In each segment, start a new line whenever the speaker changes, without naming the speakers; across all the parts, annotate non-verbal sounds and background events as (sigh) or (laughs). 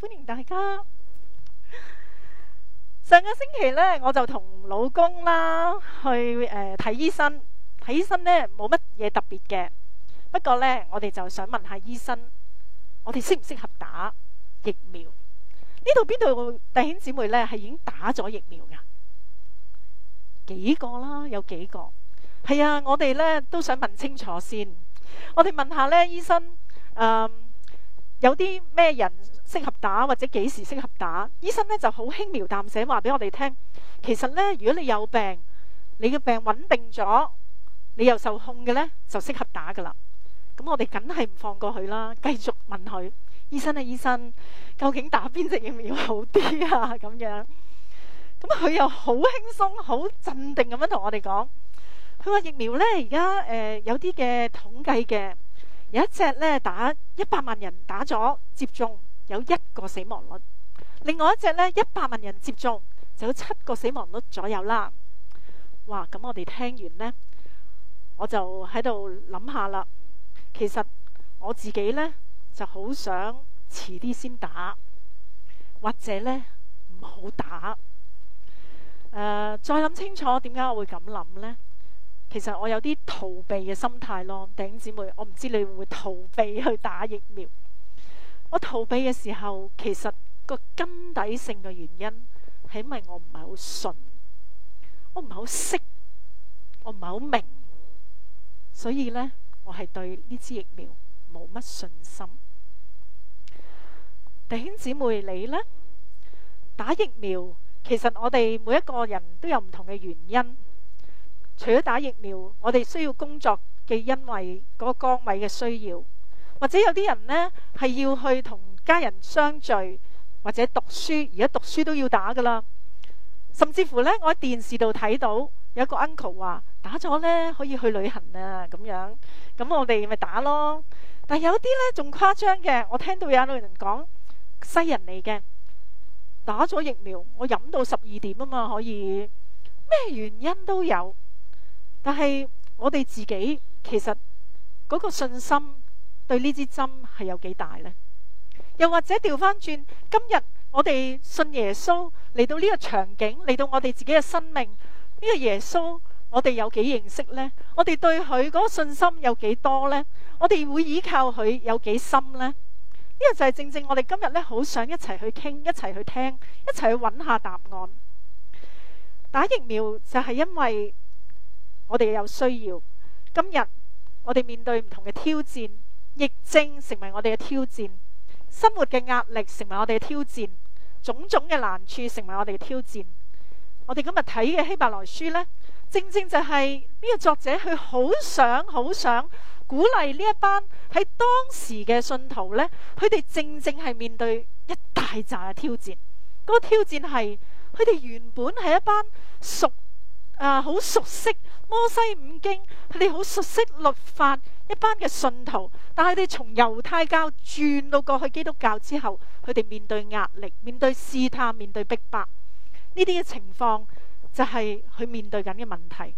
歡迎大家。上個星期呢，我就同老公啦去誒睇，呃、醫生。睇醫生呢，冇乜嘢特別嘅，不過呢，我哋就想問下醫生，我哋適唔適合打疫苗？呢度邊度弟兄姊妹呢係已經打咗疫苗㗎幾個啦？有幾個係啊？我哋呢都想問清楚先。我哋問下呢醫生，誒、呃、有啲咩人？適合打或者幾時適合打？醫生呢就好輕描淡寫話俾我哋聽。其實呢，如果你有病，你嘅病穩定咗，你又受控嘅呢，就適合打㗎喇。咁我哋梗係唔放過佢啦，繼續問佢醫生啊，醫生究竟打邊隻疫苗好啲啊？咁樣咁佢又好輕鬆好鎮定咁樣同我哋講。佢話疫苗呢，而家誒有啲嘅統計嘅有一隻呢，打一百萬人打咗接種，有一個死亡率，另外一隻呢，一百萬人接種就有七個死亡率左右啦。哇！咁我哋聽完呢，我就喺度諗下啦。其實我自己呢，就好想遲啲先打，或者呢，唔好打。誒、呃，再諗清楚點解我會咁諗呢？其實我有啲逃避嘅心態咯，弟兄姊妹，我唔知你會唔會逃避去打疫苗。我逃避嘅時候，其實個根底性嘅原因，係咪我唔係好信，我唔係好識，我唔係好明，所以呢，我係對呢支疫苗冇乜信心。弟兄姊妹，你呢？打疫苗，其實我哋每一個人都有唔同嘅原因。除咗打疫苗，我哋需要工作嘅，因為嗰個崗位嘅需要。或者有啲人呢，係要去同家人相聚，或者讀書。而家讀書都要打㗎啦，甚至乎呢，我喺電視度睇到有一個 uncle 話：「打咗呢，可以去旅行啊。」咁樣，咁我哋咪打咯。但有啲呢，仲誇張嘅，我聽到有女人講西人嚟嘅打咗疫苗，我飲到十二點啊嘛，可以咩原因都有。但係我哋自己其實嗰個信心，對呢支針係有幾大呢？又或者調翻轉，今日我哋信耶穌嚟到呢個場景，嚟到我哋自己嘅生命，呢個耶穌我哋有幾認識呢？我哋對佢嗰個信心有幾多呢？我哋會依靠佢有幾深呢？呢個就係正正我哋今日呢，好想一齊去傾，一齊去聽，一齊去揾下答案。打疫苗就係因為我哋有需要。今日我哋面對唔同嘅挑戰。疫症成為我哋嘅挑戰，生活嘅壓力成為我哋嘅挑戰，種種嘅難處成為我哋嘅挑戰。我哋今日睇嘅希伯來書呢，正正就係呢個作者佢好想好想鼓勵呢一班喺當時嘅信徒呢，佢哋正正係面對一大扎嘅挑戰。嗰個挑戰係佢哋原本係一班熟啊，好、呃、熟悉。摩西五經，佢哋好熟悉律法，一班嘅信徒，但係佢哋從猶太教轉到過去基督教之後，佢哋面對壓力，面對試探，面對逼迫，呢啲嘅情況就係佢面對緊嘅問題。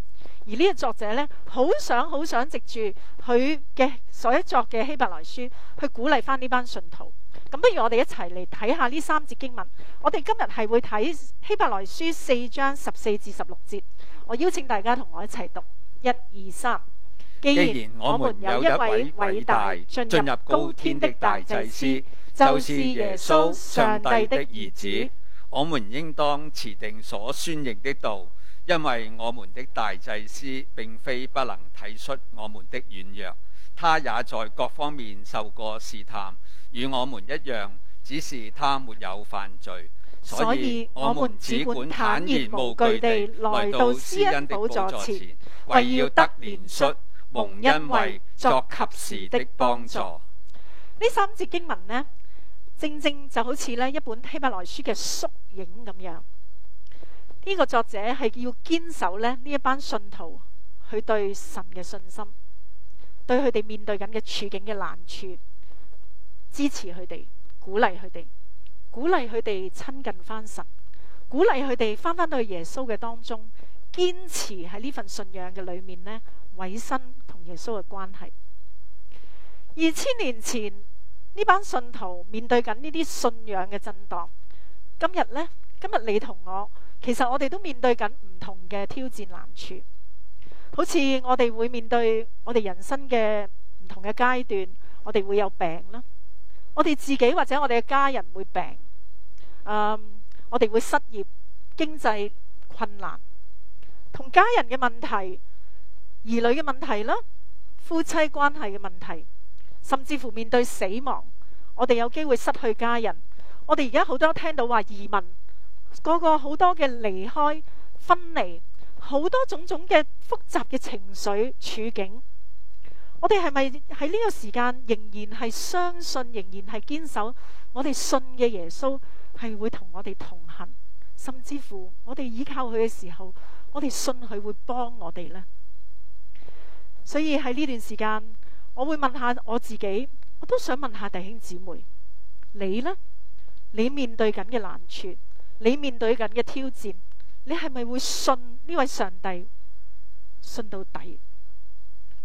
而呢個作者呢，好想好想藉住佢嘅所作嘅希伯來書去鼓勵翻呢班信徒。咁不如我哋一齊嚟睇下呢三節經文。我哋今日係會睇希伯來書四章十四至十六節。我邀請大家同我一齊讀一、二、三。
既然我們有一位偉大進入高天的大祭司，
就是耶穌上帝的兒子，
我們應當持定所宣認的道，因為我們的大祭司並非不能體恤我們
的軟弱，他也在各方面受過試探，與我們一樣，只是他沒有犯罪。所以，我們只管坦然無懼地來到施恩寶座前，為要得憐恤、蒙恩惠，作及時的幫助。呢三節經文呢，正正就好似咧一本希伯來書嘅縮影咁樣。呢個作者係要堅守咧呢一班信徒佢對神嘅信心，對佢哋面對緊嘅處境嘅難處，支持佢哋，鼓勵佢哋。鼓勵佢哋親近翻神，鼓勵佢哋翻返到去耶穌嘅當中，堅持喺呢份信仰嘅裡面呢，委身同耶穌嘅關係。二千年前呢班信徒面對緊呢啲信仰嘅震蕩，今日呢，今日你同我，其實我哋都面對緊唔同嘅挑戰難處，好似我哋會面對我哋人生嘅唔同嘅階段，我哋會有病啦。我哋自己或者我哋嘅家人會病，嗯、um，我哋會失業，經濟困難，同家人嘅問題、兒女嘅問題啦，夫妻關係嘅問題，甚至乎面對死亡，我哋有機會失去家人。我哋而家好多聽到話移民，個個好多嘅離開、分離，好多種種嘅複雜嘅情緒處境。我哋係咪喺呢個時間仍然係相信，仍然係堅守？我哋信嘅耶穌係會同我哋同行，甚至乎我哋依靠佢嘅時候，我哋信佢會幫我哋呢？所以喺呢段時間，我會問下我自己，我都想問下弟兄姊妹：你呢？你面對緊嘅難處，你面對緊嘅挑戰，你係咪會信呢位上帝？信到底。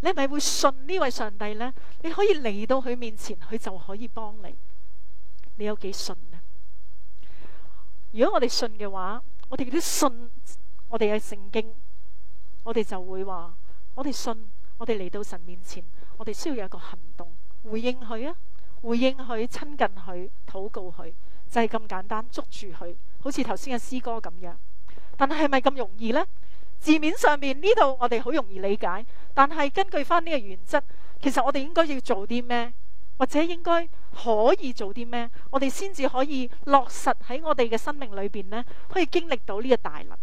你係咪會信呢位上帝呢？你可以嚟到佢面前，佢就可以幫你。你有幾信咧？如果我哋信嘅話，我哋都信。我哋嘅聖經，我哋就會話：我哋信，我哋嚟到神面前，我哋需要有一個行動，回應佢啊，回應佢，親近佢，禱告佢，就係咁簡單，捉住佢，好似頭先嘅詩歌咁樣。但係咪咁容易呢？字面上面呢度我哋好容易理解，但係根據翻呢個原則，其實我哋應該要做啲咩，或者應該可以做啲咩，我哋先至可以落實喺我哋嘅生命裏邊咧，可以經歷到呢個大能。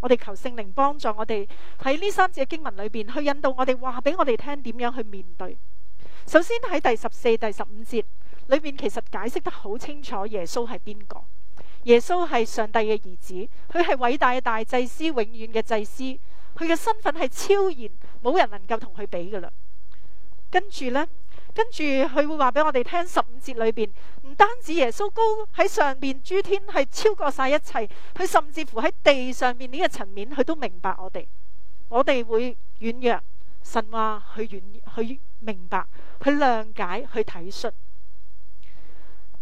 我哋求聖靈幫助我哋喺呢三節經文裏邊去引導我哋，話俾我哋聽點樣去面對。首先喺第十四、第十五節裏邊，其實解釋得好清楚耶穌係邊個。耶穌係上帝嘅兒子，佢係偉大嘅大祭司，永遠嘅祭司，佢嘅身份係超然，冇人能夠同佢比噶啦。跟住呢，跟住佢會話俾我哋聽十五節裏邊，唔單止耶穌高喺上邊，諸天係超過晒一切，佢甚至乎喺地上邊呢個層面，佢都明白我哋，我哋會軟弱，神話去軟，去明白，去諒解，去體恤，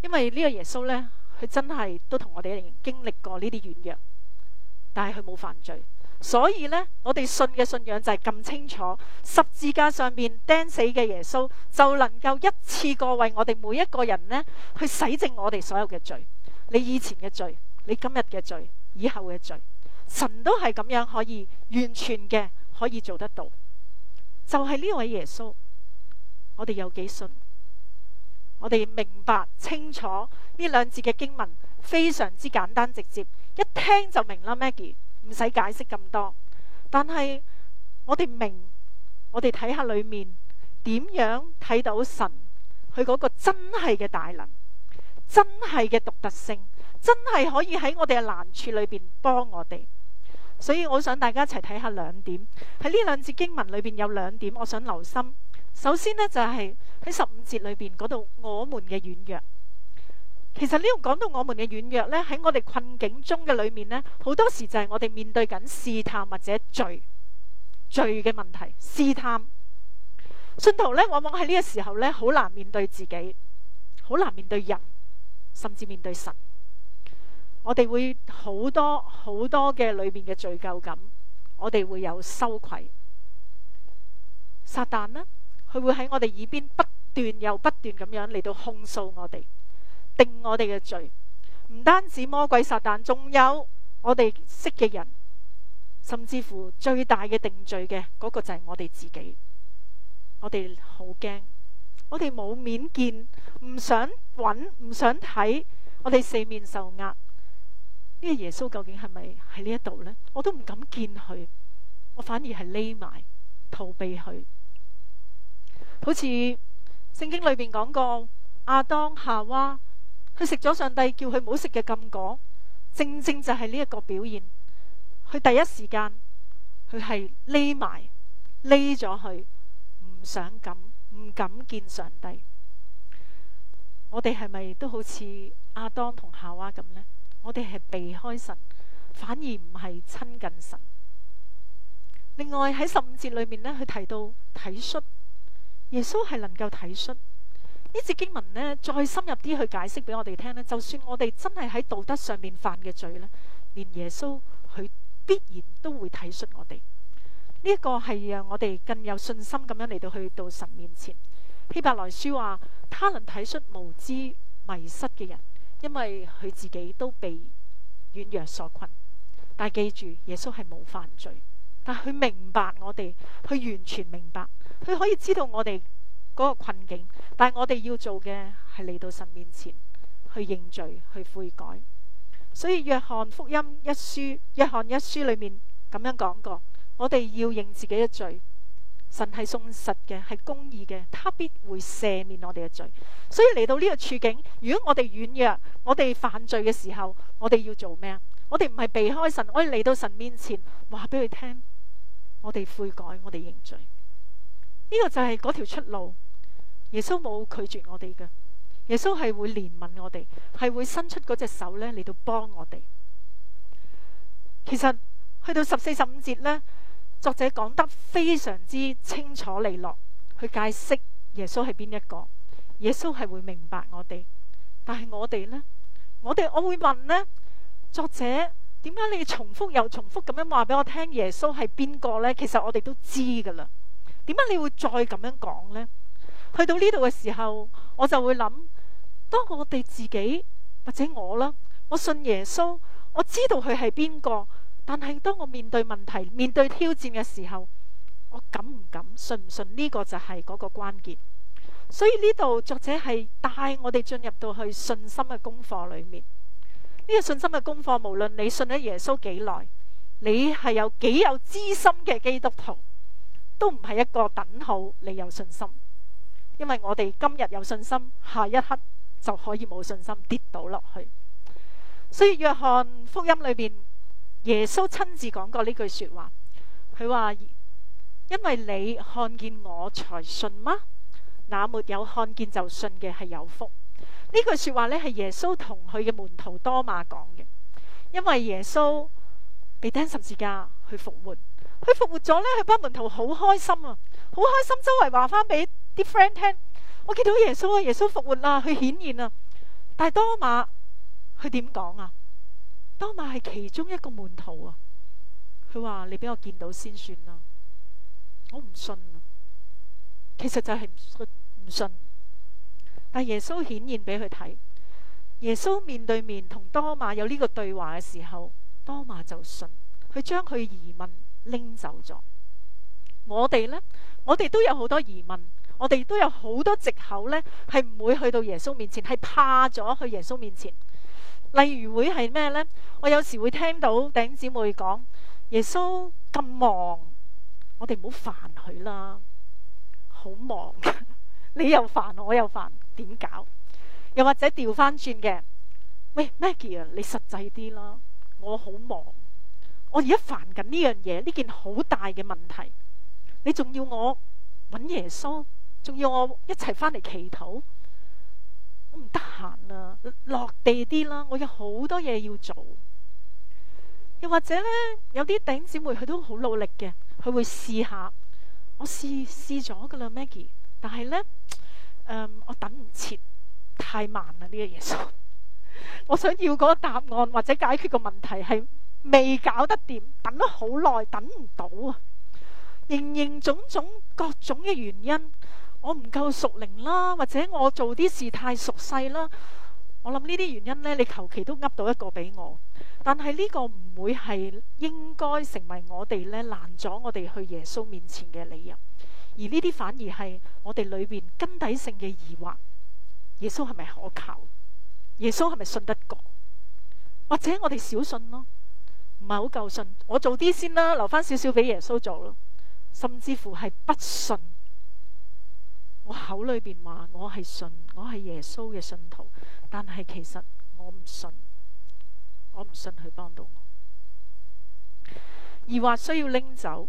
因為呢個耶穌呢，佢真係都同我哋一樣經歷過呢啲軟弱，但係佢冇犯罪，所以呢，我哋信嘅信仰就係咁清楚，十字架上邊釘死嘅耶穌就能夠一次過為我哋每一個人呢去洗淨我哋所有嘅罪，你以前嘅罪，你今日嘅罪，以後嘅罪，神都係咁樣可以完全嘅可以做得到，就係呢位耶穌，我哋有幾信？我哋明白清楚呢兩節嘅經文非常之簡單直接，一聽就明啦，Maggie 唔使解釋咁多。但係我哋明，我哋睇下裏面點樣睇到神佢嗰個真係嘅大能，真係嘅獨特性，真係可以喺我哋嘅難處裏邊幫我哋。所以我想大家一齊睇下兩點喺呢兩節經文裏邊有兩點，我想留心。首先呢，就係喺十五節裏邊嗰度，我們嘅軟弱。其實呢個講到我們嘅軟弱呢，喺我哋困境中嘅裏面呢，好多時就係我哋面對緊試探或者罪罪嘅問題。試探信徒呢，往往喺呢個時候呢，好難面對自己，好難面對人，甚至面對神。我哋會好多好多嘅裏面嘅罪疚感，我哋會有羞愧。撒旦呢。佢會喺我哋耳邊不斷又不斷咁樣嚟到控訴我哋，定我哋嘅罪。唔單止魔鬼撒旦，仲有我哋識嘅人，甚至乎最大嘅定罪嘅嗰個就係我哋自己。我哋好驚，我哋冇面見，唔想揾，唔想睇，我哋四面受壓。呢個耶穌究竟係咪喺呢一度呢？我都唔敢見佢，我反而係匿埋逃避佢。好似聖經裏邊講過，阿當夏娃佢食咗上帝叫佢唔好食嘅禁果，正正就係呢一個表現。佢第一時間佢係匿埋匿咗，佢唔想咁，唔敢見上帝。我哋係咪都好似阿當同夏娃咁呢？我哋係避開神，反而唔係親近神。另外喺十五節裏面呢，佢提到體恤。耶穌係能夠體恤。呢節經文呢，再深入啲去解釋俾我哋聽咧，就算我哋真係喺道德上面犯嘅罪呢，連耶穌佢必然都會體恤我哋。呢、這、一個係讓我哋更有信心咁樣嚟到去到神面前希伯來書話，他能體恤無知迷失嘅人，因為佢自己都被軟弱所困。但係記住，耶穌係冇犯罪，但係佢明白我哋，佢完全明白。佢可以知道我哋嗰個困境，但係我哋要做嘅係嚟到神面前去認罪去悔改。所以約翰福音一書，約翰一書裏面咁樣講過，我哋要認自己嘅罪。神係信實嘅，係公義嘅，他必會赦免我哋嘅罪。所以嚟到呢個處境，如果我哋軟弱，我哋犯罪嘅時候，我哋要做咩啊？我哋唔係避開神，我哋嚟到神面前話俾佢聽，我哋悔改，我哋認罪。呢個就係嗰條出路，耶穌冇拒絕我哋嘅，耶穌係會憐憫我哋，係會伸出嗰隻手咧嚟到幫我哋。其實去到十四十五節呢，作者講得非常之清楚利落，去解釋耶穌係邊一個，耶穌係會明白我哋，但係我哋呢？我哋我會問呢，作者點解你重複又重複咁樣話俾我聽耶穌係邊個呢？其實我哋都知噶啦。點解你會再咁樣講呢？去到呢度嘅時候，我就會諗：當我哋自己或者我啦，我信耶穌，我知道佢係邊個。但係當我面對問題、面對挑戰嘅時候，我敢唔敢信唔信，呢個就係嗰個關鍵。所以呢度作者係帶我哋進入到去信心嘅功課裏面。呢個信心嘅功課，無論你信咗耶穌幾耐，你係有幾有資深嘅基督徒。都唔係一個等號，你有信心，因為我哋今日有信心，下一刻就可以冇信心跌倒落去。所以約翰福音裏邊，耶穌親自講過呢句說話，佢話：因為你看見我才信嗎？那沒有看見就信嘅係有福。呢句說話呢，係耶穌同佢嘅門徒多馬講嘅，因為耶穌被釘十字架去復活。佢復活咗呢，佢班門徒好開心啊，好開心，周圍話翻俾啲 friend 聽。我見到耶穌啊，耶穌復活啦，佢顯現啊。但係多馬佢點講啊？多馬係其中一個門徒啊，佢話，你俾我見到先算啦，我唔信啊。其實就係唔信，唔信，但耶穌顯現俾佢睇。耶穌面對面同多馬有呢個對話嘅時候，多馬就信，佢將佢疑問拎走咗，我哋呢，我哋都有好多疑問，我哋都有好多借口呢，係唔會去到耶穌面前，係怕咗去耶穌面前。例如會係咩呢？我有時會聽到弟兄姊妹講耶穌咁忙，我哋唔好煩佢啦，好忙， (laughs) 你又煩我又煩，點搞？又或者調翻轉嘅，喂 Maggie 啊，你實際啲啦，我好忙。我而家煩緊呢樣嘢，呢件好大嘅問題，你仲要我揾耶穌，仲要我一齊翻嚟祈禱，我唔得閒啦，落地啲啦，我有好多嘢要做。又或者呢，有啲弟兄姊妹佢都好努力嘅，佢會試下。我試試咗噶啦，Maggie，但係呢，誒、呃，我等唔切，太慢啦呢、呢個耶穌。 (laughs) 我想要嗰個答案或者解決個問題係。未搞得掂，等咗好耐，等唔到啊！形形種種各種嘅原因，我唔夠屬靈啦，或者我做啲事太屬世啦。我諗呢啲原因咧，你求其都噏到一個俾我，但係呢個唔會係應該成為我哋咧攔阻我哋去耶穌面前嘅理由，而呢啲反而係我哋裏邊根底性嘅疑惑。耶穌係咪可靠？耶穌係咪信得過？或者我哋小信咯？唔係好夠信，我做啲先啦，留翻少少俾耶穌做咯。甚至乎係不信，我口裏邊話我係信，我係耶穌嘅信徒，但係其實我唔信，我唔信佢幫到我，而話需要拎走。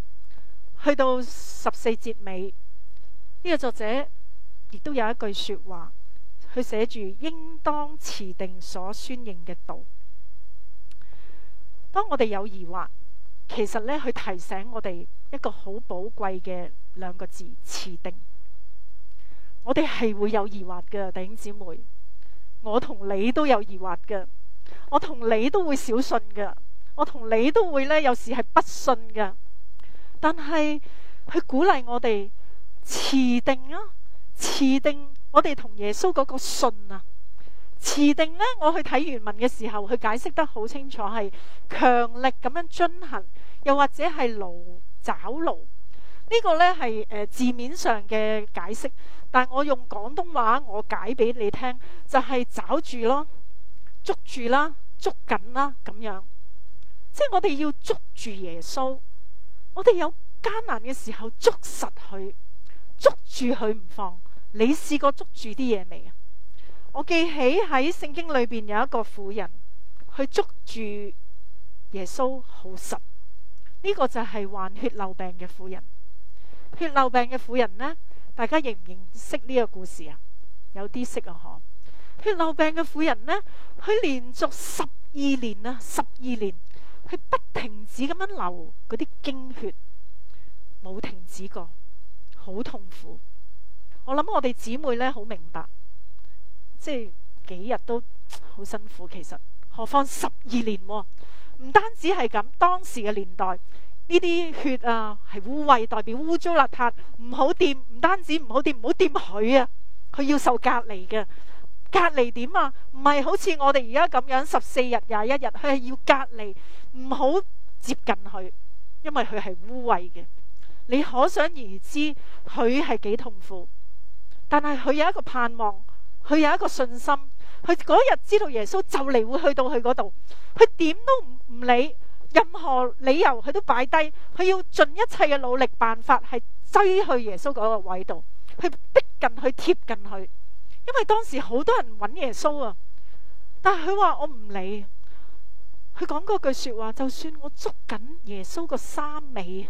去到十四節尾，呢、這個作者亦都有一句說話，佢寫住應當持定所宣認嘅道。當我哋有疑惑，其實咧佢提醒我哋一個好寶貴嘅兩個字：持定。我哋係會有疑惑嘅，弟兄姊妹，我同你都有疑惑嘅，我同你都會少信嘅，我同你都會咧有時係不信嘅。但係佢鼓勵我哋持定啊，持定，定我哋同耶穌嗰個，個信啊。持定呢，我去睇原文嘅時候，佢解釋得好清楚，係強力咁樣遵行，又或者係牢找牢。呢、這個呢係誒、呃、字面上嘅解釋，但我用廣東話我解俾你聽，就係、是、找住咯，捉住啦，捉緊啦，咁樣。即係我哋要捉住耶穌，我哋有艱難嘅時候捉實佢，捉住佢唔放。你試過捉住啲嘢未啊？我記起喺聖經裏邊有一個婦人，佢捉住耶穌好實，呢個就係患血漏病嘅婦人。血漏病嘅婦人呢，大家認唔認識呢個故事啊？有啲識啊，嗬！血漏病嘅婦人呢，佢連續十二年啊，十二年，佢不停止咁樣流嗰啲經血，冇停止過，好痛苦。我諗我哋姊妹呢，好明白。即係幾日都好辛苦，其實何況十二年喎，唔單止係咁。當時嘅年代呢啲血啊，係污穢，代表污糟邋遢，唔好掂。唔單止唔好掂，唔好掂佢啊。佢要受隔離嘅，隔離點啊？唔係好似我哋而家咁樣十四日、廿一日，佢係要隔離，唔好接近佢，因為佢係污穢嘅。你可想而知佢係幾痛苦，但係佢有一個盼望。佢有一個信心，佢嗰日知道耶穌就嚟會去到佢嗰度，佢點都唔理任何理由，佢都擺低，佢要盡一切嘅努力辦法係追去耶穌嗰個位度，去逼近去貼近佢，因為當時好多人搵耶穌啊，但係佢話我唔理，佢講嗰句說話，就算我捉緊耶穌個衫尾，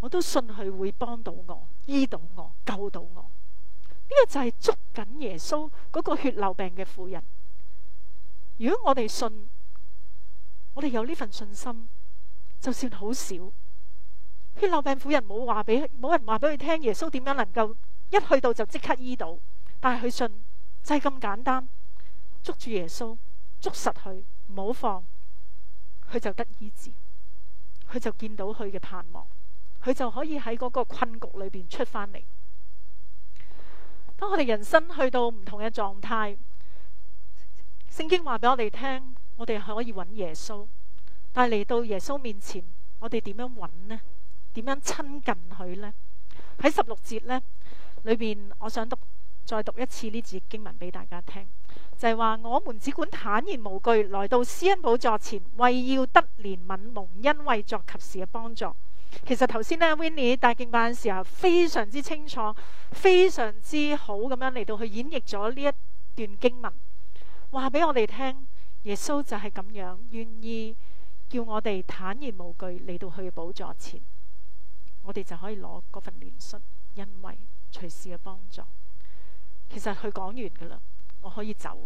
我都信佢會幫到我，醫到我，救到我。呢個就係捉緊耶穌嗰個血流病嘅婦人。如果我哋信，我哋有呢份信心，就算好少，血流病婦人冇話俾，冇人話俾佢聽耶穌點樣能夠一去到就即刻醫到，但係佢信，就係咁簡單，捉住耶穌捉實佢，唔好放，佢就得醫治，佢就見到佢嘅盼望，佢就可以喺嗰個困局裏邊出翻嚟。當我哋人生去到唔同嘅狀態，聖經話俾我哋聽，我哋可以揾耶穌。但係嚟到耶穌面前，我哋點樣揾呢？點樣親近佢呢？喺十六節呢裏邊，我想讀再讀一次呢節經文俾大家聽，就係話：我們只管坦然無懼來到施恩寶座前，為要得憐憫、蒙恩惠、作及時嘅幫助。其實頭先呢 Winnie 帶敬拜嘅時候非常之清楚，非常之好咁樣嚟到去演繹咗呢一段經文，話俾我哋聽，耶穌就係咁樣，願意叫我哋坦然無懼嚟到去寶座前，我哋就可以攞嗰份憐恤、恩惠、隨時嘅幫助。其實佢講完噶啦，我可以走。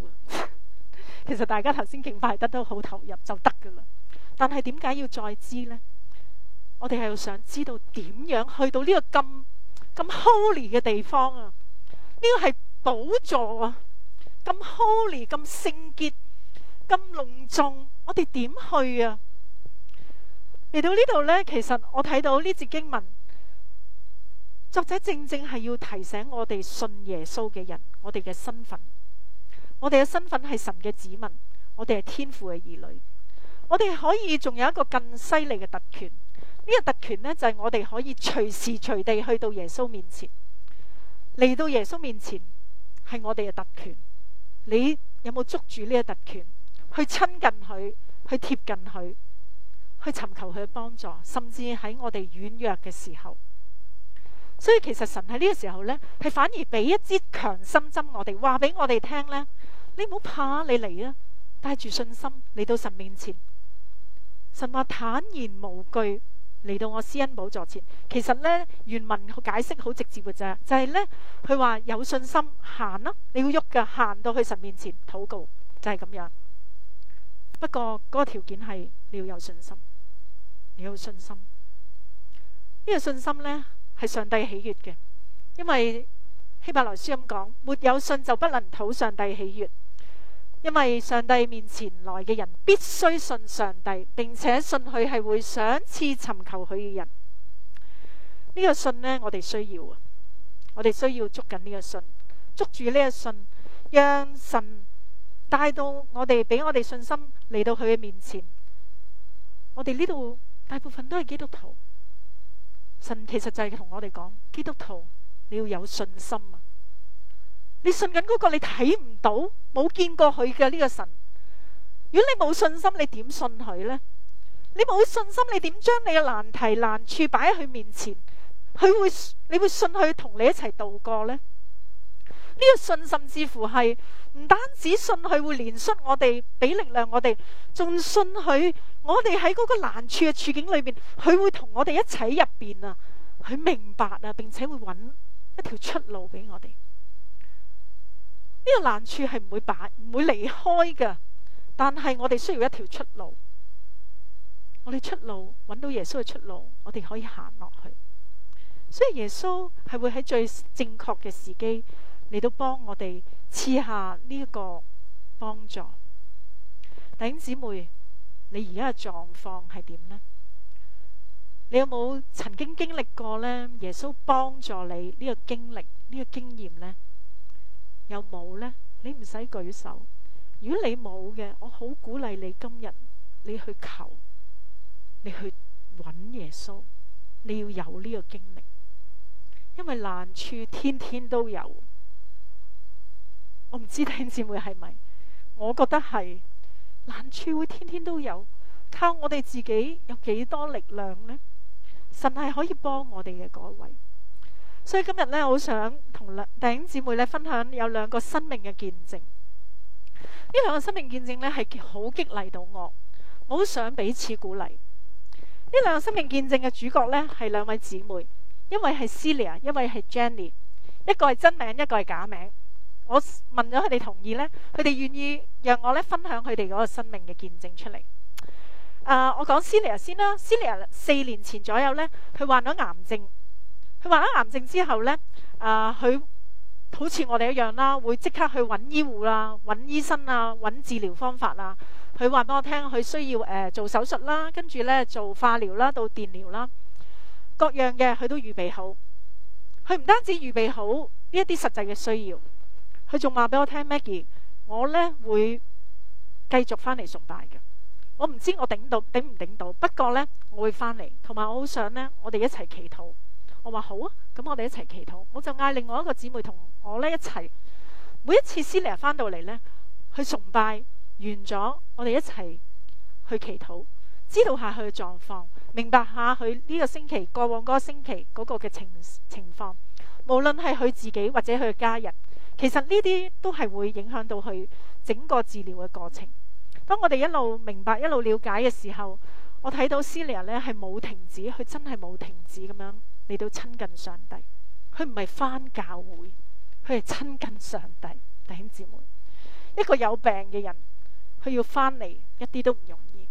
(laughs) 其實大家頭先敬拜得都好投入就得噶啦，但係點解要再知呢？我哋係又想知道點樣去到呢個咁咁 holy 嘅地方啊？呢個係寶座啊，咁 holy、咁聖潔、咁隆重，我哋點去啊？嚟到呢度呢，其實我睇到呢節經文，作者正正係要提醒我哋信耶穌嘅人，我哋嘅身份，我哋嘅身份係神嘅子民，我哋係天父嘅兒女，我哋可以仲有一個更犀利嘅特權。呢個特權呢，就係我哋可以隨時隨地去到耶穌面前，嚟到耶穌面前係我哋嘅特權。你有冇捉住呢個特權去親近佢，去貼近佢，去尋求佢嘅幫助，甚至喺我哋軟弱嘅時候？所以其實神喺呢個時候呢，係反而俾一支強心針我哋話俾我哋聽呢：「你唔好怕，你嚟啦，帶住信心嚟到神面前。」神話坦然無懼。嚟到我施恩寶座前，其實呢，原文解釋好直接嘅啫，就係、是、呢，佢話有信心行啦、啊，你要喐嘅行到去神面前禱告就係、是、咁樣。不過嗰、那個條件係你要有信心，你要有信心呢、這個信心呢，係上帝喜悅嘅，因為希伯來書咁講，沒有信就不能討上帝喜悅。因為上帝面前來嘅人必須信上帝，並且信佢係會賞賜尋求佢嘅人。呢個信呢，我哋需要啊，我哋需要捉緊呢個信，捉住呢個信，讓神帶到我哋，俾我哋信心嚟到佢嘅面前。我哋呢度大部分都係基督徒，神其實就係同我哋講：基督徒，你要有信心啊！你信緊嗰個，你睇唔到。冇見過佢嘅呢個神，如果你冇信心，你點信佢呢？你冇信心，你點將你嘅難題難處擺喺佢面前？佢會你會信佢同你一齊度過呢？呢、呢個信甚至乎係唔單止信佢會憐恤我哋，俾力量我哋，仲信佢，我哋喺嗰個難處嘅處境裏邊，佢會同我哋一齊入邊啊！佢明白啊，並且會揾一條出路俾我哋。呢個難處係唔會擺，唔會離開嘅。但係我哋需要一條出路。我哋出路揾到耶穌嘅出路，我哋可以行落去。所以耶穌係會喺最正確嘅時機嚟到幫我哋賜下呢一個幫助。弟兄姊妹，你而家嘅狀況係點呢？你有冇曾經經歷過呢？耶穌幫助你呢個經歷，呢個經驗呢？有冇呢？你唔使舉手。如果你冇嘅，我好鼓勵你今日你去求，你去揾耶穌。你要有呢個經歷，因為難處天天都有。我唔知弟兄姊妹係咪？我覺得係難處會天天都有。靠我哋自己有幾多力量呢？神係可以幫我哋嘅嗰位。所以今日咧，我好想同兩弟兄姊妹咧分享有兩個生命嘅見證。呢兩個生命見證咧係好激勵到我，我好想彼此鼓勵。呢兩個生命見證嘅主角咧係兩位姊妹，一位係 Celia，一位係 Jenny，一個係真名，一個係假名。我問咗佢哋同意咧，佢哋願意讓我咧分享佢哋嗰個生命嘅見證出嚟。誒、呃，我講 Celia 先啦，Celia 四年前左右咧，佢患咗癌症。佢患咗癌症之後呢，啊、呃，佢好似我哋一樣啦，會即刻去揾醫護啦、揾醫生啊、揾治療方法啦。佢話俾我聽，佢需要誒、呃、做手術啦，跟住呢做化療啦，到電療啦，各樣嘅佢都預備好。佢唔單止預備好呢一啲實際嘅需要，佢仲話俾我聽 Maggie，我呢會繼續翻嚟崇拜嘅。我唔知我頂到頂唔頂到，不過呢，我會翻嚟，同埋我好想呢，我哋一齊祈禱。我話好啊，咁我哋一齊祈禱。我就嗌另外一個姊妹同我咧一齊。每一次 Celia 翻到嚟呢，去崇拜完咗，我哋一齊去祈禱，知道下佢嘅狀況，明白下佢呢個星期過往嗰個星期嗰個嘅情情況，無論係佢自己或者佢嘅家人，其實呢啲都係會影響到佢整個治療嘅過程。當我哋一路明白一路了解嘅時候，我睇到 Celia 咧係冇停止，佢真係冇停止咁樣。嚟到親近上帝，佢唔係翻教會，佢係親近上帝，弟兄姊妹。一個有病嘅人，佢要翻嚟，一啲都唔容易。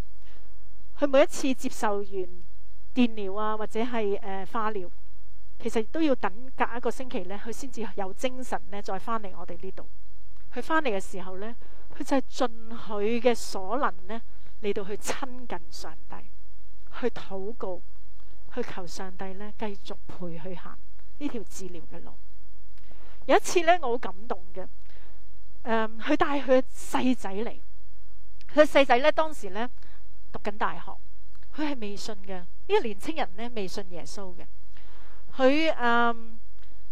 佢每一次接受完電療啊，或者係誒化療，其實都要等隔一個星期呢，佢先至有精神呢，再翻嚟我哋呢度。佢翻嚟嘅時候呢，佢就係盡佢嘅所能呢，嚟到去親近上帝，去禱告。去求上帝呢，繼續陪佢行呢條治療嘅路。有一次呢，我好感動嘅，佢帶佢細仔嚟，佢細仔呢，當時呢，讀緊大學，佢係未信嘅，呢個年青人呢，未信耶穌嘅。佢誒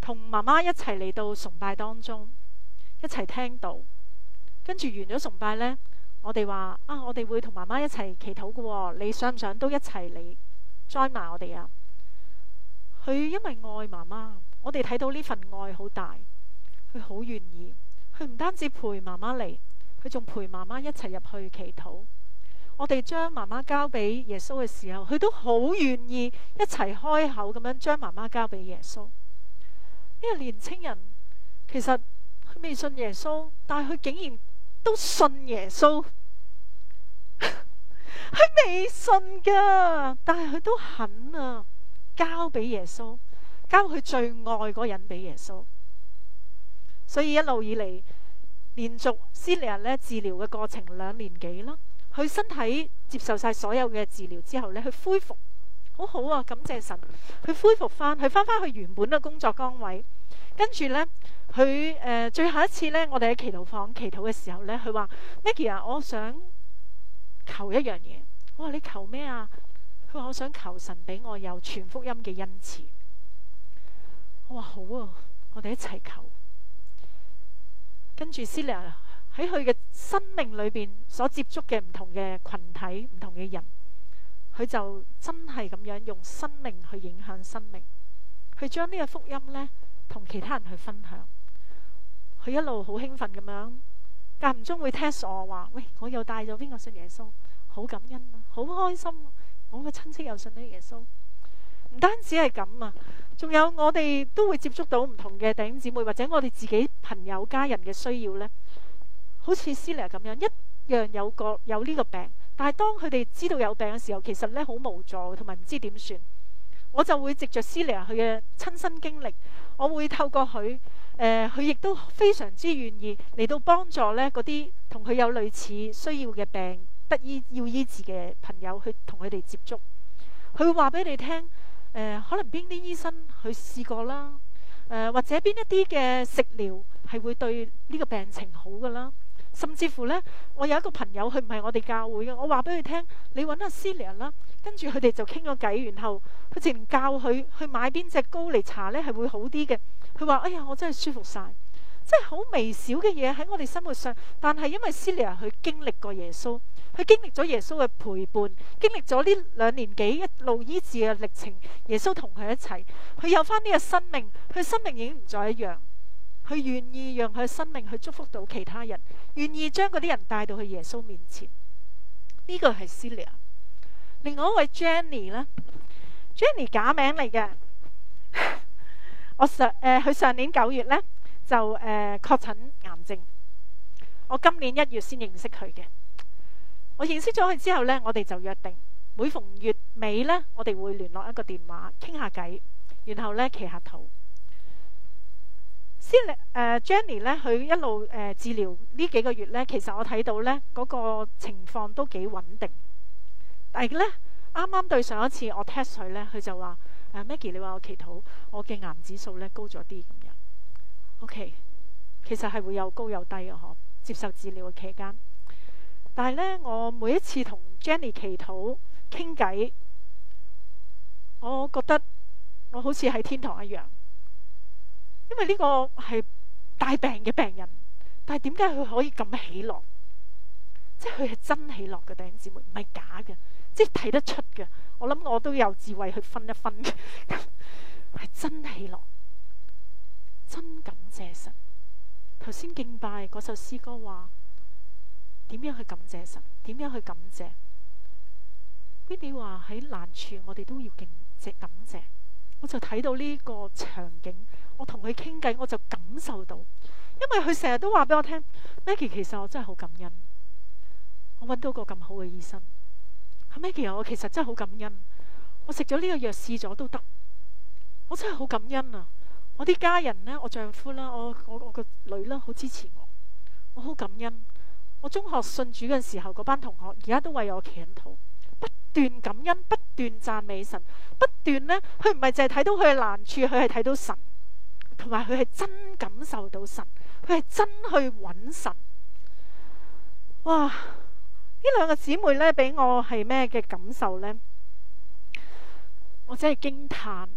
同媽媽一齊嚟到崇拜當中，一齊聽道。跟住完咗崇拜呢，我哋話啊，我哋會同媽媽一齊祈禱嘅喎，你想唔想都一齊嚟？埋我哋啊！佢因為愛媽媽，我哋睇到呢份愛好大，佢好願意。佢唔單止陪媽媽嚟，佢仲陪媽媽一齊入去祈禱。我哋將媽媽交俾耶穌嘅時候，佢都好願意一齊開口咁樣將媽媽交俾耶穌。呢、這個年青人其實佢未信耶穌，但係佢竟然都信耶穌。 (laughs) 係未信噶但係佢都肯啊，交俾耶穌，交佢最愛嗰人俾耶穌。所以一路以嚟，連續先人咧治療嘅過程兩年幾啦。佢身體接受晒所有嘅治療之後咧，佢恢復好好啊，感謝神，佢恢復翻，佢翻翻去原本嘅工作崗位。跟住咧，佢誒、呃，最後一次咧，我哋喺祈禱房祈禱嘅時候咧，佢話：Maggie 啊，gie, 我想。求一樣嘢，我話，你求咩啊？佢話，我想求神俾我有全福音嘅恩賜。我話好啊，我哋一齊求。跟住斯里啊，喺佢嘅生命裏邊所接觸嘅唔同嘅群體、唔同嘅人，佢就真係咁樣用生命去影響生命，去將呢個福音呢同其他人去分享。佢一路好興奮咁樣。間唔中會 test 我話，喂，我又帶咗邊個信耶穌，好感恩啊，好開心啊，我個親戚又信咗耶穌，唔單止係咁啊，仲有我哋都會接觸到唔同嘅弟兄姊妹，或者我哋自己朋友家人嘅需要呢。好似斯利亞咁樣一樣有個有呢個病，但係當佢哋知道有病嘅時候，其實呢好無助，同埋唔知點算。我就會藉着斯利亞佢嘅親身經歷，我會透過佢。誒，佢、呃、亦都非常之願意嚟到幫助咧，嗰啲同佢有類似需要嘅病得醫要醫治嘅朋友去，去同佢哋接觸。佢會話俾你聽，誒、呃，可能邊啲醫生去試過啦，誒、呃，或者邊一啲嘅食療係會對呢個病情好㗎啦。甚至乎呢，我有一個朋友，佢唔係我哋教會嘅，我話俾佢聽，你揾阿 Celia 啦，跟住佢哋就傾咗偈，然後佢直情教佢去買邊隻膏嚟搽呢係會好啲嘅。佢話：哎呀，我真係舒服晒。即係好微小嘅嘢，喺我哋生活上，但係因為 Celia 佢經歷過耶穌，佢經歷咗耶穌嘅陪伴，經歷咗呢兩年幾一路醫治嘅歷程，耶穌同佢一齊，佢有翻呢個生命，佢生命已經唔再一樣，佢願意讓佢生命去祝福到其他人，願意將嗰啲人帶到去耶穌面前。呢個係 Celia，另外一位 Jenny 呢，Jenny 假名嚟嘅。我上誒佢上年九月呢，就誒、呃、確診癌症，我今年一月先認識佢嘅。我認識咗佢之後呢，我哋就約定每逢月尾呢，我哋會聯絡一個電話傾下偈，然後呢，祈下禱。先誒、呃、Jenny 呢，佢一路誒、呃、治療呢幾個月呢，其實我睇到呢嗰、嗰個情況都幾穩定。但係呢，啱啱對上一次我 test 佢呢，佢就話。Uh, Maggie 你話我祈禱，我嘅癌指數咧高咗啲咁樣。OK，其實係會又高又低嘅嗬，接受治療嘅期間。但係咧，我每一次同 Jenny 祈禱傾偈，我覺得我好似喺天堂一樣。因為呢個係大病嘅病人，但係點解佢可以咁喜樂？即係佢係真喜樂嘅弟兄姊妹，唔係假嘅。即係睇得出嘅，我諗我都有智慧去分一分嘅，係 (laughs) 真喜樂，真感謝神。頭先敬拜嗰首詩歌話點樣去感謝神？點樣去感謝？佢哋話喺難處， (laughs) 我哋都要敬謝感謝。我就睇到呢個場景，我同佢傾偈，我就感受到，因為佢成日都話俾我聽，Maggie 其實我真係好感恩，我揾到個咁好嘅醫生。後尾其實我其實真係好感恩，我食咗呢個藥試咗都得，我真係好感恩啊！我啲家人呢，我丈夫啦，我我我個女啦，好支持我，我好感恩。我中學信主嘅時候，嗰班同學而家都為我祈禱，不斷感恩，不斷讚美神，不斷呢，佢唔係淨係睇到佢嘅難處，佢係睇到神，同埋佢係真感受到神，佢係真去揾神，哇！呢兩個姊妹呢，俾我係咩嘅感受呢？我真係驚嘆，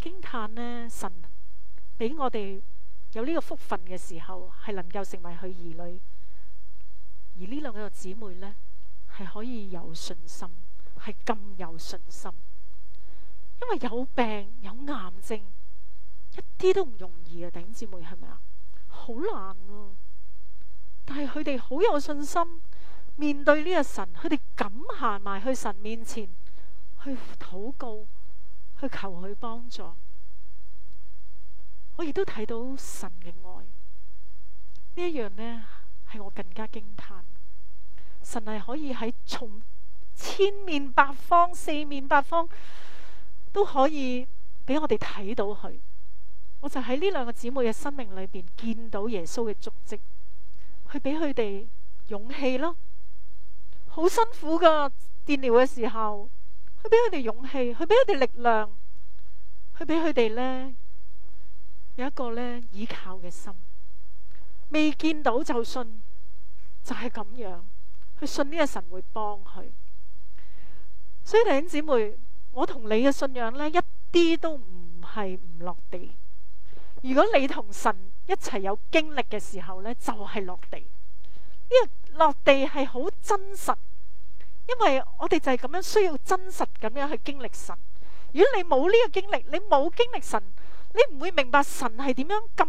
驚嘆呢，神俾我哋有呢個福分嘅時候，係能夠成為佢兒女。而呢兩個姊妹呢，係可以有信心，係咁有信心，因為有病有癌症，一啲都唔容易啊！弟兄姊妹係咪啊？好難啊！但係佢哋好有信心。面對呢個神，佢哋敢行埋去神面前去禱告，去求佢幫助。我亦都睇到神嘅愛呢一樣呢，係我更加驚嘆神係可以喺從千面百方、四面八方都可以俾我哋睇到佢。我就喺呢兩個姊妹嘅生命裏邊見到耶穌嘅足跡，去俾佢哋勇氣咯。好辛苦噶，電療嘅時候，去俾佢哋勇氣，去俾佢哋力量，去俾佢哋呢有一個呢依靠嘅心。未見到就信，就係咁樣去信呢個神會幫佢。所以弟兄姊妹，我同你嘅信仰呢，一啲都唔係唔落地。如果你同神一齊有經歷嘅時候呢，就係落地。呢個。落地係好真實，因為我哋就係咁樣需要真實咁樣去經歷神。如果你冇呢個經歷，你冇經歷神，你唔會明白神係點樣咁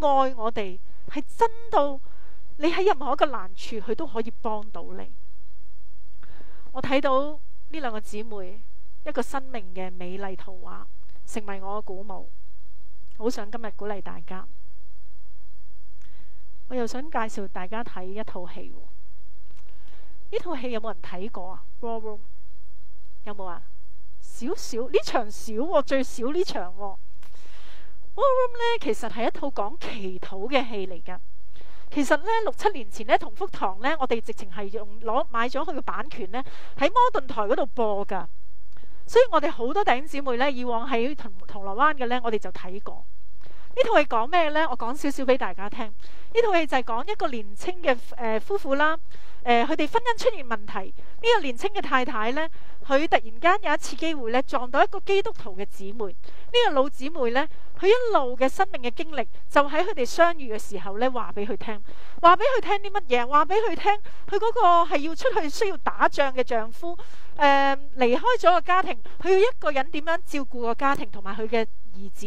愛我哋，係真到你喺任何一個難處，佢都可以幫到你。我睇到呢兩個姊妹一個生命嘅美麗圖畫，成為我嘅鼓舞，好想今日鼓勵大家。我又想介紹大家睇一套戲喎，呢套戲有冇人睇過啊？War Room？有冇啊？少少呢場少喎，最少呢場喎。《War Room》呢，其實係一套講祈禱嘅戲嚟噶。其實呢，六七年前呢，同福堂呢，我哋直情係用攞買咗佢嘅版權呢，喺摩頓台嗰度播噶。所以我哋好多弟兄姊妹呢，以往喺銅銅鑼灣嘅呢，我哋就睇過。呢套戲講咩呢？我講少少俾大家聽。呢套戲就係講一個年輕嘅誒夫婦啦，誒佢哋婚姻出現問題。呢個年輕嘅太太呢，佢突然間有一次機會呢撞到一個基督徒嘅姊妹。呢個老姊妹呢，佢一路嘅生命嘅經歷，就喺佢哋相遇嘅時候呢話俾佢聽話俾佢聽啲乜嘢？話俾佢聽，佢嗰個係要出去需要打仗嘅丈夫，誒、呃、離開咗個家庭，佢要一個人點樣照顧個家庭同埋佢嘅兒子，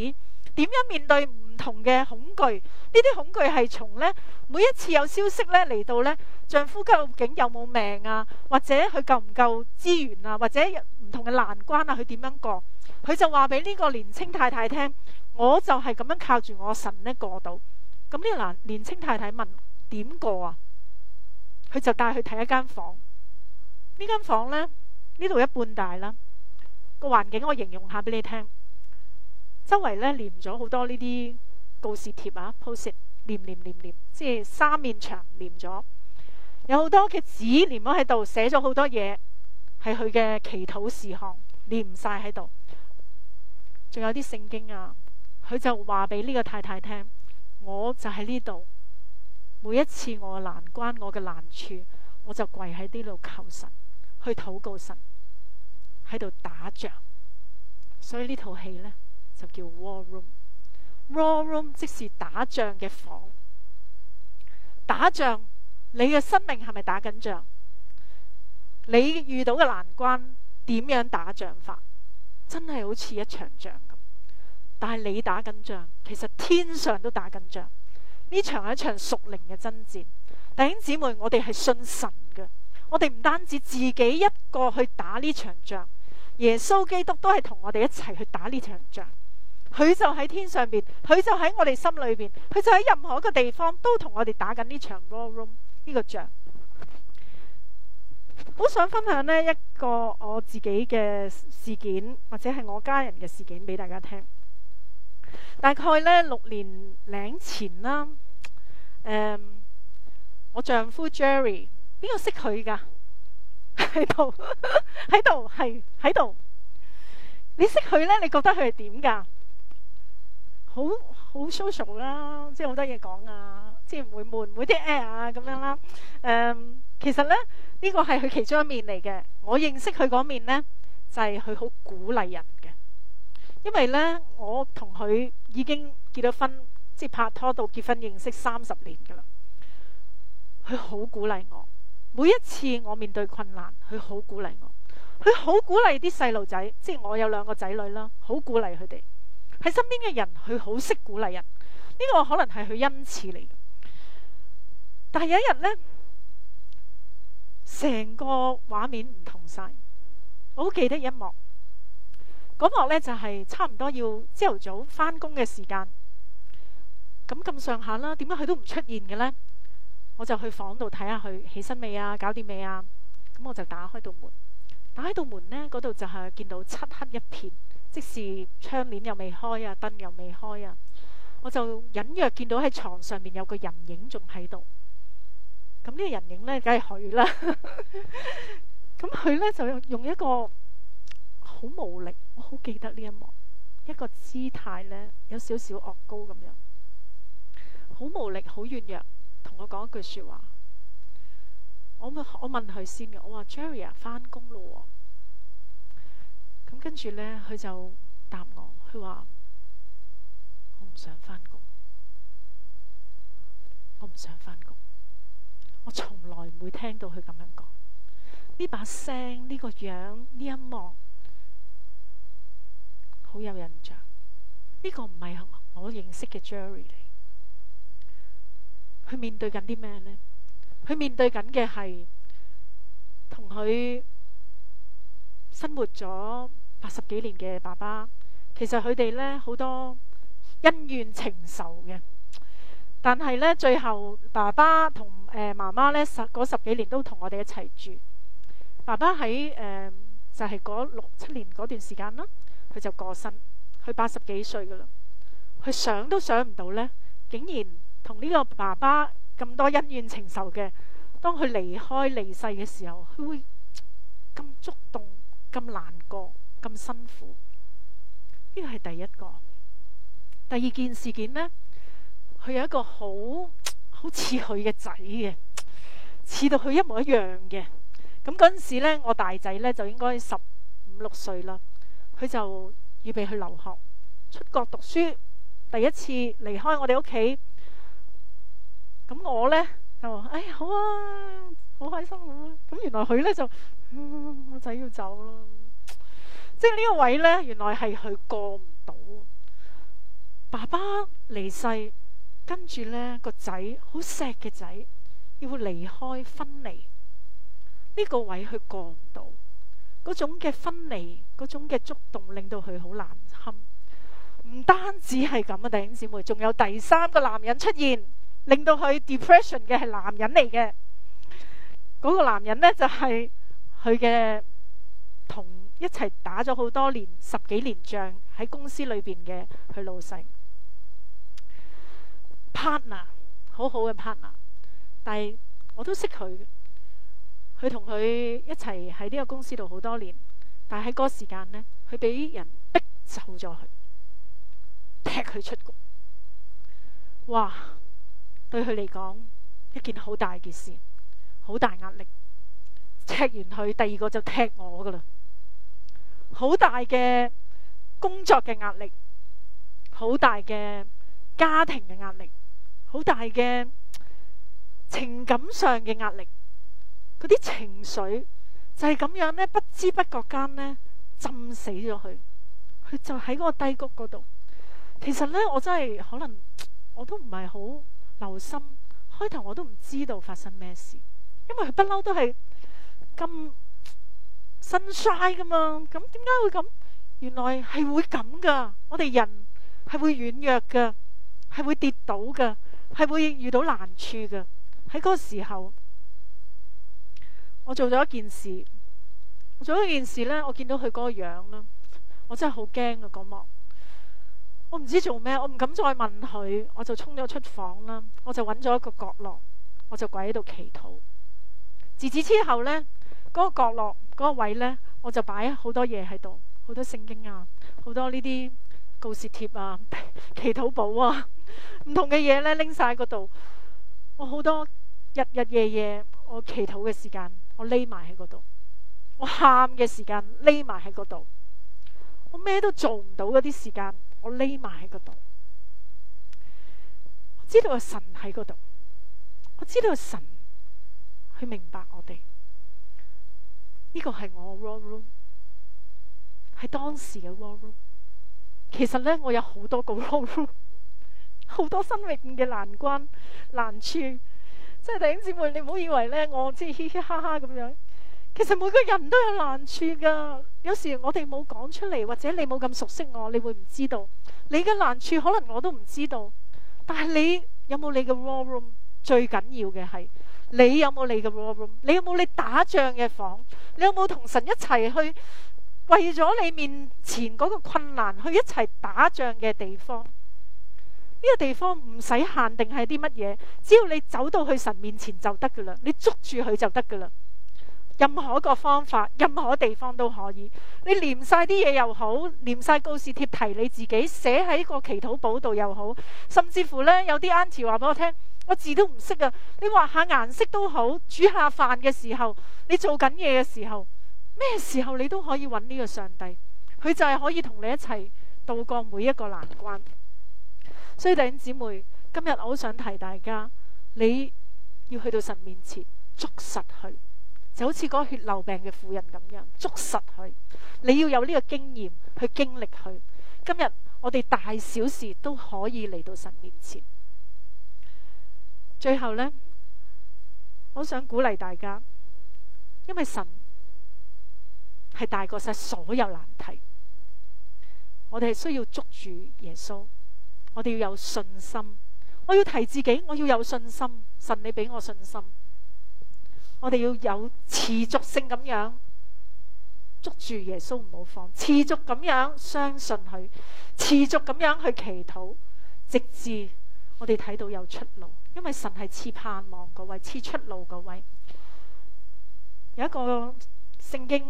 點樣面對？唔同嘅恐懼，恐懼呢啲恐懼係從呢每一次有消息呢嚟到呢，丈夫究竟有冇命啊？或者佢夠唔夠資源啊，或者唔同嘅難關啊，佢點樣過？佢就話俾呢個年青太太聽，我就係咁樣靠住我神，呢過到。咁呢個年青太太問點過啊？佢就帶佢去睇一間房，呢間房呢，呢度一半大啦，個環境我形容下俾你聽。周圍呢，粘咗好多呢啲告示貼啊，post 粘粘粘粘，即係三面牆粘咗，有好多嘅紙粘咗喺度，寫咗好多嘢係佢嘅祈禱事項，粘晒喺度，仲有啲聖經啊，佢就話俾呢個太太聽，我就喺呢度，每一次我嘅難關，我嘅難處，我就跪喺呢度求神，去禱告神，喺度打仗，所以呢套戲呢，就叫 war room。war room 即是打仗嘅房。打仗，你嘅生命係咪打緊仗？你遇到嘅難關點樣打仗法？真係好似一場仗咁。但係你打緊仗，其實天上都打緊仗。呢場係一場屬靈嘅爭戰。弟兄姊妹，我哋係信神嘅，我哋唔單止自己一個去打呢場仗，耶穌基督都係同我哋一齊去打呢場仗。佢就喺天上邊，佢就喺我哋心裏邊，佢就喺任何一個地方都同我哋打緊呢場 War Room 呢個仗。好想分享呢一個我自己嘅事件，或者係我家人嘅事件俾大家聽。大概呢六年零前啦、呃，我丈夫 Jerry，邊個識佢㗎？喺度，喺 (laughs) 度，係喺度。你識佢呢？你覺得佢係點㗎？好好 social 啦，即係好多嘢講啊，即係唔、啊、會悶，唔會啲 at、呃、啊咁樣啦、啊。誒、嗯，其實咧呢個係佢其中一面嚟嘅。我認識佢嗰面咧，就係佢好鼓勵人嘅。因為咧，我同佢已經結咗婚，即係拍拖到結婚認識三十年㗎啦。佢好鼓勵我，每一次我面對困難，佢好鼓勵我。佢好鼓勵啲細路仔，即係我有兩個仔女啦，好鼓勵佢哋。喺身邊嘅人，佢好識鼓勵人，呢個可能係佢恩賜嚟。但係有一日呢，成個畫面唔同晒。我好記得一幕，嗰幕呢就係差唔多要朝頭早翻工嘅時間，咁咁上下啦。點解佢都唔出現嘅呢？我就去房度睇下佢起身未啊，搞掂未啊？咁我就打開道門，打開道門呢，嗰度就係見到漆黑一片。即是窗簾又未開啊，燈又未開啊，我就隱約見到喺床上面有個人影仲喺度。咁呢個人影呢，梗係佢啦。咁 (laughs) 佢呢，就用一個好無力，我好記得呢一幕，一個姿態呢，有少少惡高咁樣，好無力，好軟弱，同我講一句說話。我我問佢先嘅，我話 Jerry 啊、哦，翻工咯喎。咁跟住咧，佢就答我，佢話，我唔想翻工，我唔想翻工。我從來唔會聽到佢咁樣講。呢把聲、呢個樣、呢一幕，好有印象。呢個唔係我認識嘅 Jerry 嚟。佢面對緊啲咩咧？佢面對緊嘅係同佢生活咗八十幾年嘅爸爸，其實佢哋呢好多恩怨情仇嘅。但係呢最後爸爸同誒、呃、媽媽呢十嗰十幾年都同我哋一齊住。爸爸喺誒、呃、就係、是、六七年嗰段時間啦，佢就過身，佢八十幾歲噶啦。佢想都想唔到呢，竟然同呢個爸爸咁多恩怨情仇嘅，當佢離開離世嘅時候，佢會咁觸動咁難過。咁辛苦，呢個係第一個。第二件事件呢，佢有一個好好似佢嘅仔嘅，似到佢一模一樣嘅。咁嗰陣時咧，我大仔呢，就應該十五六歲啦，佢就預備去留學出國讀書，第一次離開我哋屋企。咁我呢，就話哎好啊，好開心咁、啊。咁原來佢呢，就、呃、我仔要走咯。即係呢個位呢，原來係佢過唔到。爸爸離世，跟住呢個仔好錫嘅仔要離開，分離呢個位，佢過唔到。嗰種嘅分離，嗰種嘅觸動，令到佢好難堪。唔單止係咁啊，弟兄姊妹，仲有第三個男人出現，令到佢 depression 嘅係男人嚟嘅。嗰個男人呢就係佢嘅同。一齊打咗好多年，十幾年仗，喺公司裏邊嘅佢老細 partner，好好嘅 partner，但係我都識佢，佢同佢一齊喺呢個公司度好多年。但係喺嗰個時間呢，佢俾人逼走咗佢，踢佢出局。哇，對佢嚟講一件好大件事，好大壓力。踢完佢，第二個就踢我噶啦。好大嘅工作嘅壓力，好大嘅家庭嘅壓力，好大嘅情感上嘅壓力，嗰啲情緒就係咁樣呢，不知不覺間呢，浸死咗佢，佢就喺嗰個低谷嗰度。其實呢，我真係可能我都唔係好留心，開頭我都唔知道發生咩事，因為佢不嬲都係咁。信晒噶嘛？咁點解會咁？原來係會咁噶。我哋人係會軟弱噶，係會跌倒噶，係會遇到難處噶。喺嗰個時候，我做咗一件事。我做咗一件事呢，我見到佢嗰個樣咧，我真係好驚啊！嗰、那個、幕我唔知做咩，我唔敢再問佢，我就衝咗出房啦。我就揾咗一個角落，我就跪喺度祈禱。自此之後呢，嗰、那個角落。嗰個位呢，我就擺好多嘢喺度，好多聖經啊，好多呢啲告示貼啊、 (laughs) 祈禱簿寶啊，唔 (laughs) 同嘅嘢呢拎晒喺嗰度。我好多日日夜夜我祈禱嘅時間，我匿埋喺嗰度。我喊嘅時間匿埋喺嗰度。我咩都做唔到嗰啲時間，我匿埋喺嗰度。我知道神喺嗰度，我知道神佢明白我哋。呢個係我 war room，係當時嘅 war room。其實呢，我有好多個 war room，好多生命嘅難關、難處。即係弟兄姊妹，你唔好以為呢，我只嘻嘻哈哈咁樣。其實每個人都有難處噶，有時我哋冇講出嚟，或者你冇咁熟悉我，你會唔知道。你嘅難處可能我都唔知道，但係你有冇你嘅 war room？最緊要嘅係。你有冇你嘅 war room？你有冇你打仗嘅房？你有冇同神一齊去為咗你面前嗰個困難去一齊打仗嘅地方？呢個地方唔使限定係啲乜嘢，只要你走到去神面前就得㗎喇，你捉住佢就得㗎喇。任何一個方法，任何地方都可以。你念晒啲嘢又好，念晒告示貼提你自己寫喺個祈禱簿度又好，甚至乎呢，有啲 auntie 話俾我聽。我字都唔識啊！你畫下顏色都好，煮下飯嘅時候，你做緊嘢嘅時候，咩時候你都可以揾呢個上帝，佢就係可以同你一齊度過每一個難關。所以弟兄姊妹，今日我好想提大家，你要去到神面前捉實佢，就好似嗰個血漏病嘅婦人咁樣捉實佢。你要有呢個經驗去經歷佢。今日我哋大小事都可以嚟到神面前。最後呢，我想鼓勵大家，因為神係大過晒所有難題，我哋係需要捉住耶穌，我哋要有信心。我要提自己，我要有信心，神你俾我信心。我哋要有持續性咁樣捉住耶穌唔好放，持續咁樣相信佢，持續咁樣去祈禱，直至。我哋睇到有出路，因為神係賜盼望嗰位，賜出路嗰位。有一個聖經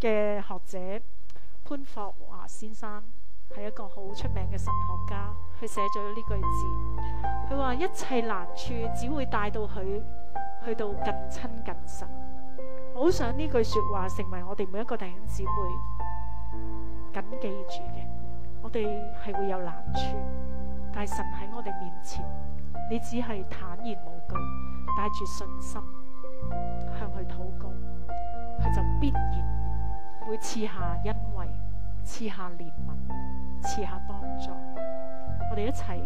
嘅學者潘霍華先生係一個好出名嘅神學家，佢寫咗呢句字，佢話一切難處只會帶到佢去到更親近神。我好想呢句說話成為我哋每一個弟兄姊妹緊記住嘅，我哋係會有難處。大神喺我哋面前，你只係坦然無懼，帶住信心向佢禱告，佢就必然會賜下恩惠，賜下憐憫，賜下幫助。我哋一齊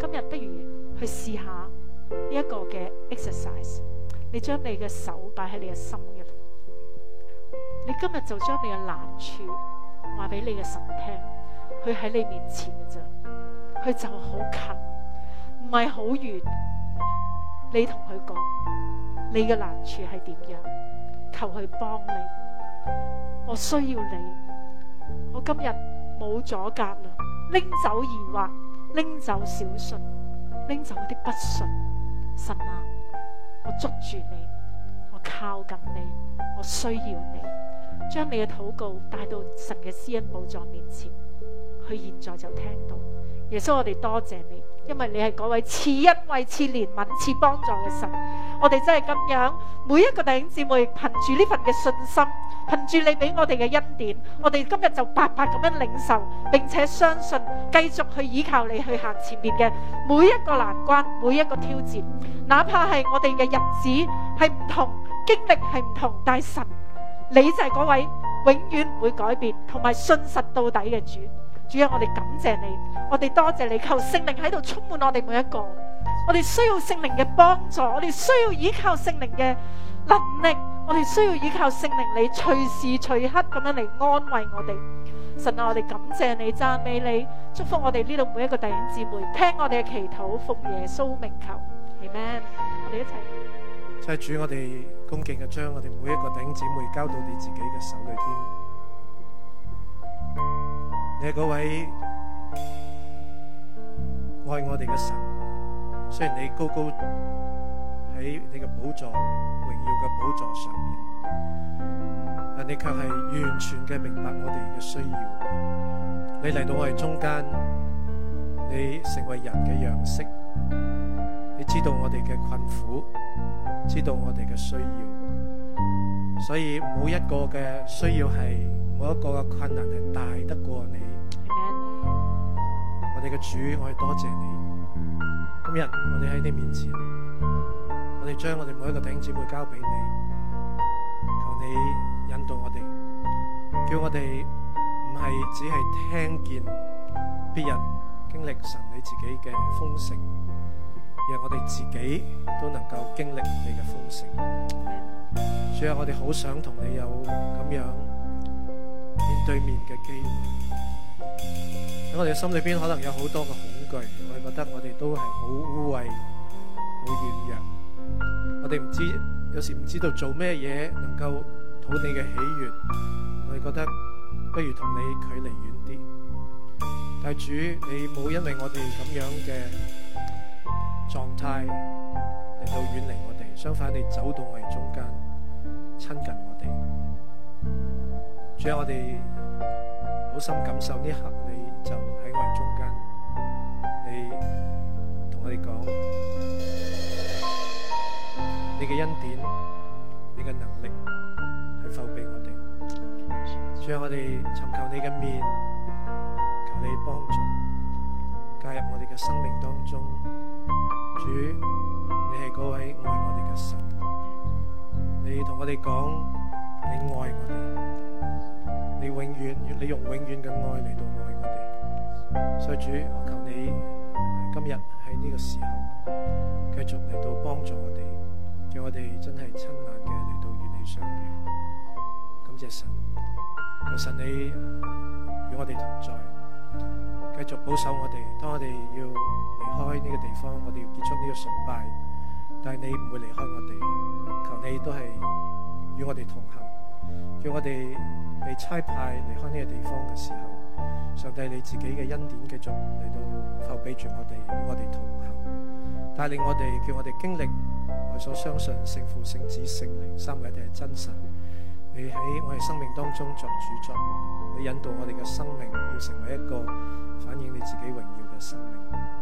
今日不如去試下呢一個嘅 exercise。你將你嘅手擺喺你嘅心入，你今日就將你嘅難處話俾你嘅神聽，佢喺你面前嘅咋。佢就好近，唔係好遠。你同佢講，你嘅難處係點樣？求佢幫你。我需要你。我今日冇阻隔啦，拎走疑惑，拎走小信，拎走嗰啲不信。神啊，我捉住你，我靠近你，我需要你，將你嘅禱告帶到神嘅施恩寶座面前。佢現在就聽到耶穌，我哋多謝，謝你，因為你係嗰位賜恩惠、賜憐憫、賜幫助嘅神。我哋真係咁樣每一個弟兄姊妹，憑住呢份嘅信心，憑住你俾我哋嘅恩典，我哋今日就白白咁樣領受，並且相信繼續去依靠你去行前面嘅每一個難關、每一個挑戰，哪怕係我哋嘅日子係唔同，經歷係唔同，但神你就係嗰位永遠唔會改變同埋信實到底嘅主。主啊，我哋感謝你，我哋多謝你，求聖靈喺度充滿我哋每一個。我哋需要聖靈嘅幫助，我哋需要依靠聖靈嘅能力，我哋需要依靠聖靈你，你隨時隨刻咁樣嚟安慰我哋。神啊，我哋感謝你，讚美你，祝福我哋呢度每一個弟兄姊妹，聽我哋嘅祈禱，奉耶穌名求，Amen。我哋一齊。
即係主，我哋恭敬嘅將我哋每一個弟兄姊妹交到你自己嘅手裏添。你係位愛我哋嘅神，雖然你高高喺你嘅寶座、榮耀嘅寶座上面，但你卻係完全嘅明白我哋嘅需要。你嚟到我哋中間，你成為人嘅樣式，你知道我哋嘅困苦，知道我哋嘅需要，所以每一個嘅需要係，每一個嘅困難係大得過你。我哋嘅主，我哋多謝你。今日我哋喺你面前，我哋將我哋每一個弟兄姊妹交俾你，求你引導我哋，叫我哋唔係只係聽見別人經歷神你自己嘅豐盛，而係我哋自己都能夠經歷你嘅豐盛。所以我哋好想同你有咁樣面對面嘅機會。喺我哋嘅心裏邊，可能有好多嘅恐懼，我哋覺得我哋都係好污穢、好軟弱，我哋唔知有時唔知道做咩嘢能夠討你嘅喜悅，我哋覺得不如同你距離遠啲。但主，你冇因為我哋咁樣嘅狀態令到遠離我哋，相反你走到我哋中間，親近我哋。主我，我哋。好心感受呢刻，你就喺我哋中間，你同我哋講你嘅恩典，你嘅能力係否俾我哋？請我哋尋求你嘅面，求你幫助加入我哋嘅生命當中。主，你係嗰位愛我哋嘅神，你同我哋講你愛我哋。你永遠，你用永遠嘅愛嚟到愛我哋，所以主，我求你今日喺呢個時候繼續嚟到幫助我哋，叫我哋真係親眼嘅嚟到與你相遇。感謝神，求神你與我哋同在，繼續保守我哋。當我哋要離開呢個地方，我哋要結束呢個崇拜，但係你唔會離開我哋，求你都係與我哋同行。叫我哋被差派離開呢個地方嘅時候，上帝你自己嘅恩典繼續嚟到覆庇住我哋，與我哋同行，帶領我哋，叫我哋經歷我所相信聖父、聖子、聖靈三位一體係真實。你喺我哋生命當中作主作，你引導我哋嘅生命要成為一個反映你自己榮耀嘅生命。